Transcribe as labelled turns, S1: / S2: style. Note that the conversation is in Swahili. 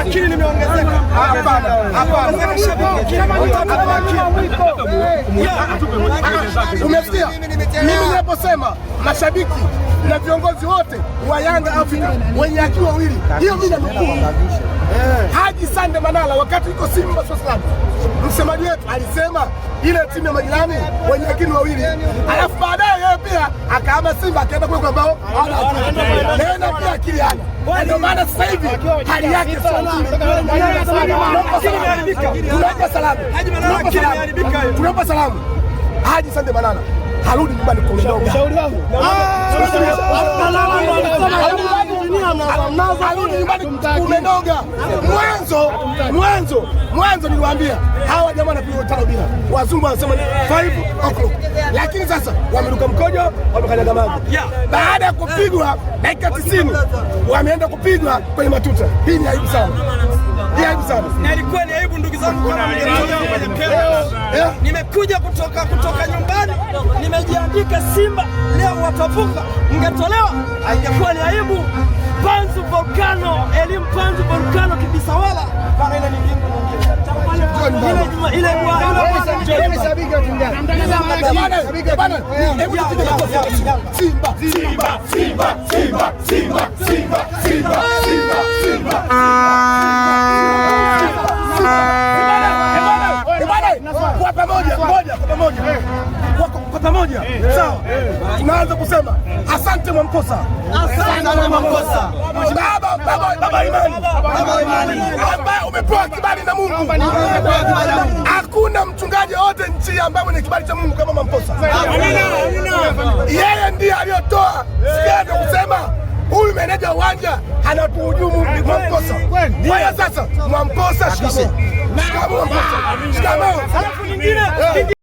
S1: akili imeongezeka. mimi ninaposema mashabiki na viongozi wote wa Yanga Afrika wenye akili wawili, hiyo mimi nanukuu Haji Sande Manala wakati yuko Simba Sports Club, msemaji wetu alisema ile timu ya majirani wenye akili wawili, alafu baadaye yeye pia akaama Simba akaenda kule kwa bao na ndio maana sasa hivi hali yake tunampa salamu Haji Sande Manara harudi nyumbani kwa mdogo. Ah! mnazo arudi nyumbani, umenoga. Mwanzo mwanzo mwanzo niliwaambia hawa jamaa wanapigwa tano bila, wazungu wanasema ni five o'clock, lakini sasa wameruka mkojo, wamekanyaga maji. Baada ya kupigwa dakika tisini wameenda kupigwa kwenye matuta. Hii ni aibu sana,
S2: hii ni aibu ndugu zangu, eh? nimekuja kutoka kutoka nyumbani, nimejiandika Simba leo watavuka, mngetolewa, haingekuwa ni aibu. Panzu volcano, elimu Panzu volcano kibisawala kana ile nyingine nyingine
S1: kwa pamoja eh. sawa, tunaanza eh. kusema asante Mwamposa, asante Mwamposa, baba baba baba Imani, baba Imani ambaye umepewa kibali na Mungu. Hakuna mchungaji wote nchi ambaye mwenye kibali cha Mungu kama Mwamposa. Yeye ndiye aliyotoa sikia kusema huyu meneja uwanja anatuhujumu Mwamposa. Kwa sasa Mwamposa, shikamoo, shikamoo, shikamoo.